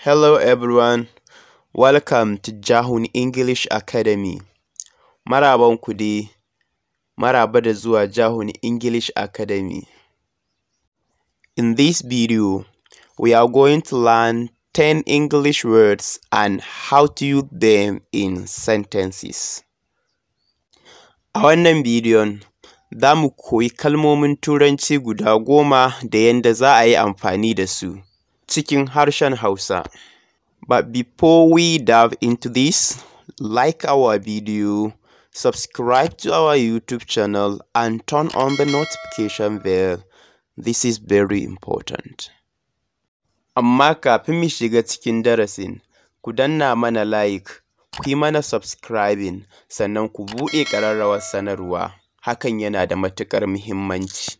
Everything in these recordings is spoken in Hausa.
Hello everyone, welcome to Jahun English Academy. Marabanku dai, maraba da zuwa Jahun English Academy. In this video, we are going to learn 10 English words and how to use them in sentences. A wannan bidiyon, za mu koyi kalmomin Turanci guda goma da yadda za a yi amfani da su. cikin harshen Hausa. But before we dive into this, like our video, subscribe to our YouTube channel and turn on the notification bell. This is very important. Amma kafin mu shiga cikin darasin, ku danna mana like, ku yi mana subscribing, sannan ku buɗe ƙararrawar sanarwa. Hakan yana da matuƙar muhimmanci.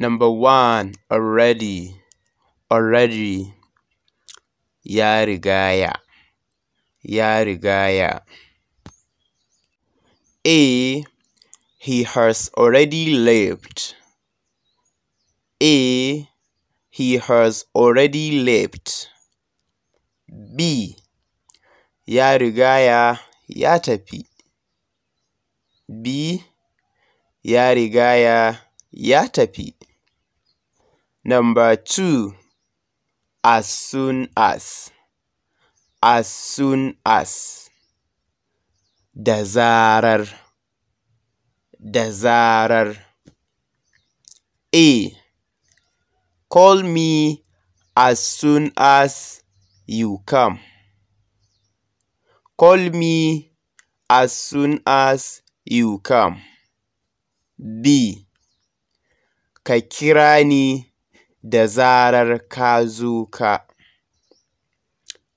Number one, already, already, Yarigaya, Yarigaya. A, he has already lived. A, he has already lived. B, Yarigaya Yatapi. B, Yarigaya Yatapi. Number two, as soon as, as soon as, da zarar, da zarar. A, call me as soon as you come. Call me as soon as you come. B, ka kira ni da zarar ka zo ka.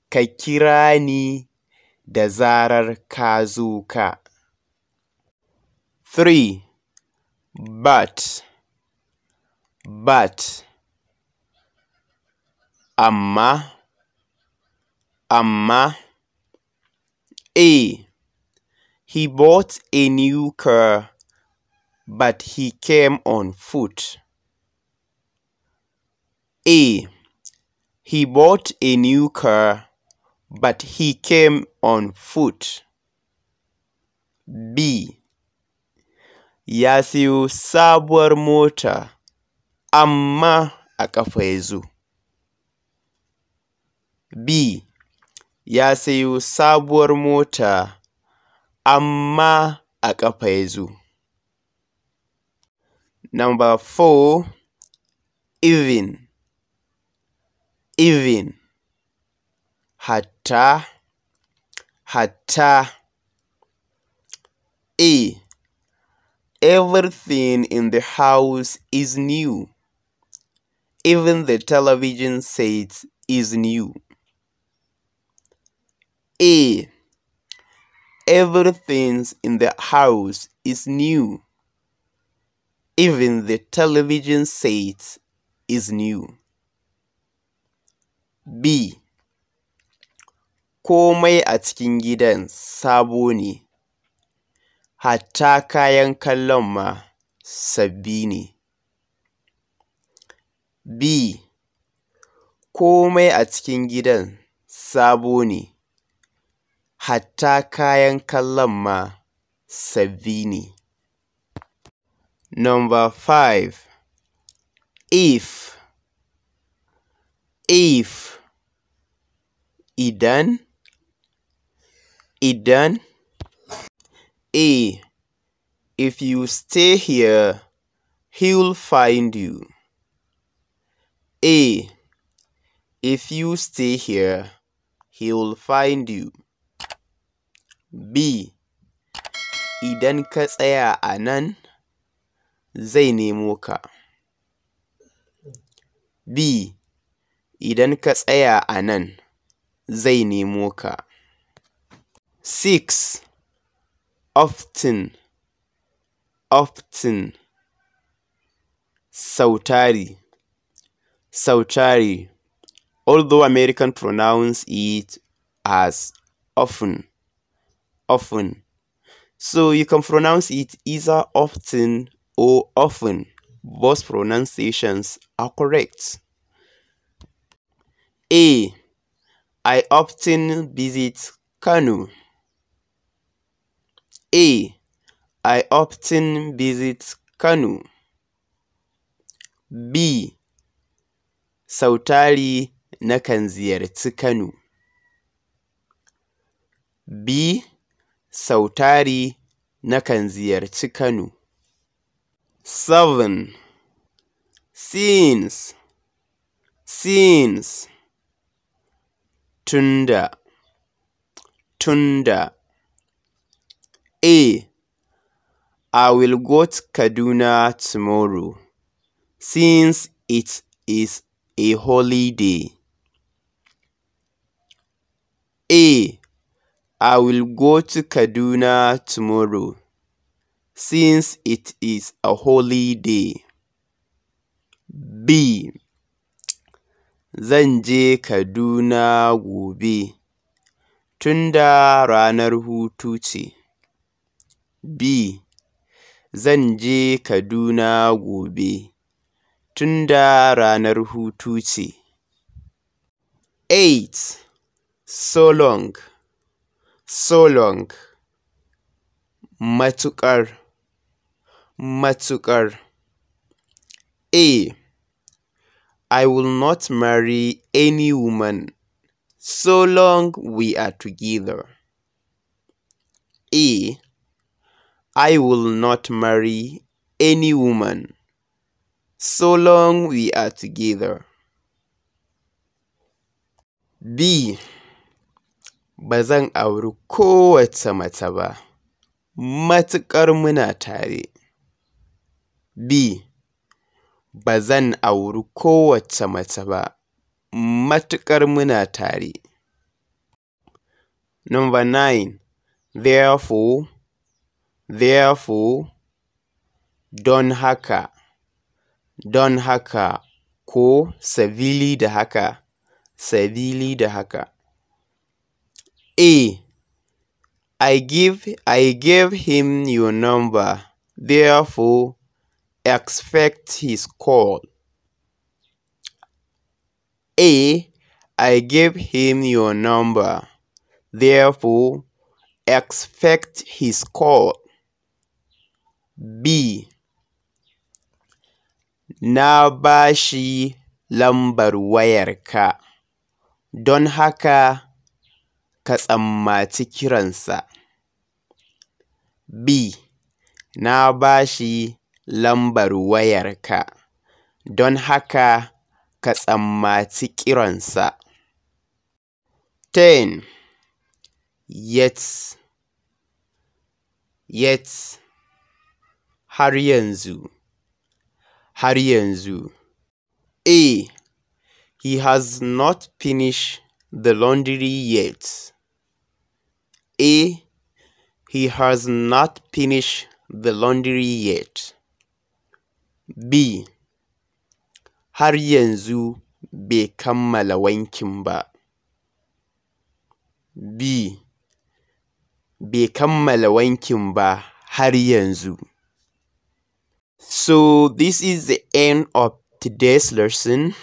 Ka kira ni da zarar ka zo ka. 3. But But Amma Amma A. He bought a new car, but he came on foot. He bought a new car, but he came on foot. B. Ya siyo sabuwar mota, amma a ƙafa ya zo. B. Ya sayo sabuwar mota, amma a ƙafa ya zo. Number even. even hata hata a everything in the house is new even the television set is new a everything in the house is new even the television set is new B. Komai a cikin gidan sabo ne, hatta kayan kallon ma sabbi ne. B. Komai a cikin gidan sabo ne, hatta kayan kallon ma sabbi ne. 5. If if idan idan a if you stay here he'll find you a if you stay here he'll find you b idan ka tsaya anan zai nemo ka b Idan ka tsaya a nan, zai nemo ka. 6. Often often sautari sautari although american pronounce it as often often so you can pronounce it either often or often both pronunciations are correct A. I often visit Kano. A. I often visit Kano. B. Sautari nakan ziyarci Kano. B. Sautari nakan ziyarci Kano. 7. Since. Since. tunda tunda a. I will go to Kaduna tomorrow since it is a holiday. A. I will go to Kaduna tomorrow since it is a holiday. B. Zan je Kaduna gobe, tunda ranar hutu ce. B. Zan je Kaduna gobe, tunda ranar hutu ce. 8. So long, so long. Matuƙar, matuƙar. A. I will not marry any woman so long we are together. A. E. I will not marry any woman so long we are together. B. Ba zan auri kowace mace ba, matuƙar muna tare. B. Ba zan auri kowace mace ba, matuƙar muna tare. Number 9. Therefore, therefore, don haka, don haka, ko sabili da haka, sabili da haka. A. I give, I gave him your number, therefore expect his call. A. I gave him your number. Therefore, expect his call. B. Na ba shi lambar don haka ka kiransa. B. Na ba shi lambar wayarka, don haka ka tsammaci kiransa. 10. Yet. Yet. Har yanzu. Har yanzu. A. He has not finished the laundry yet. A. He has not finished the laundry yet. B. Har yanzu bai kammala wankin ba. B. Bai kammala wankin ba har yanzu. So this is the end of today's lesson.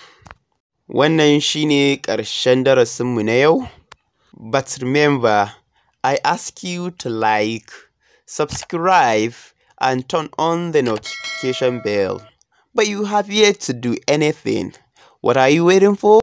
Wannan shi ne ƙarshen darasinmu na yau. But remember, I ask you to like, subscribe, and turn on the notification bell. But you have yet to do anything. What are you waiting for?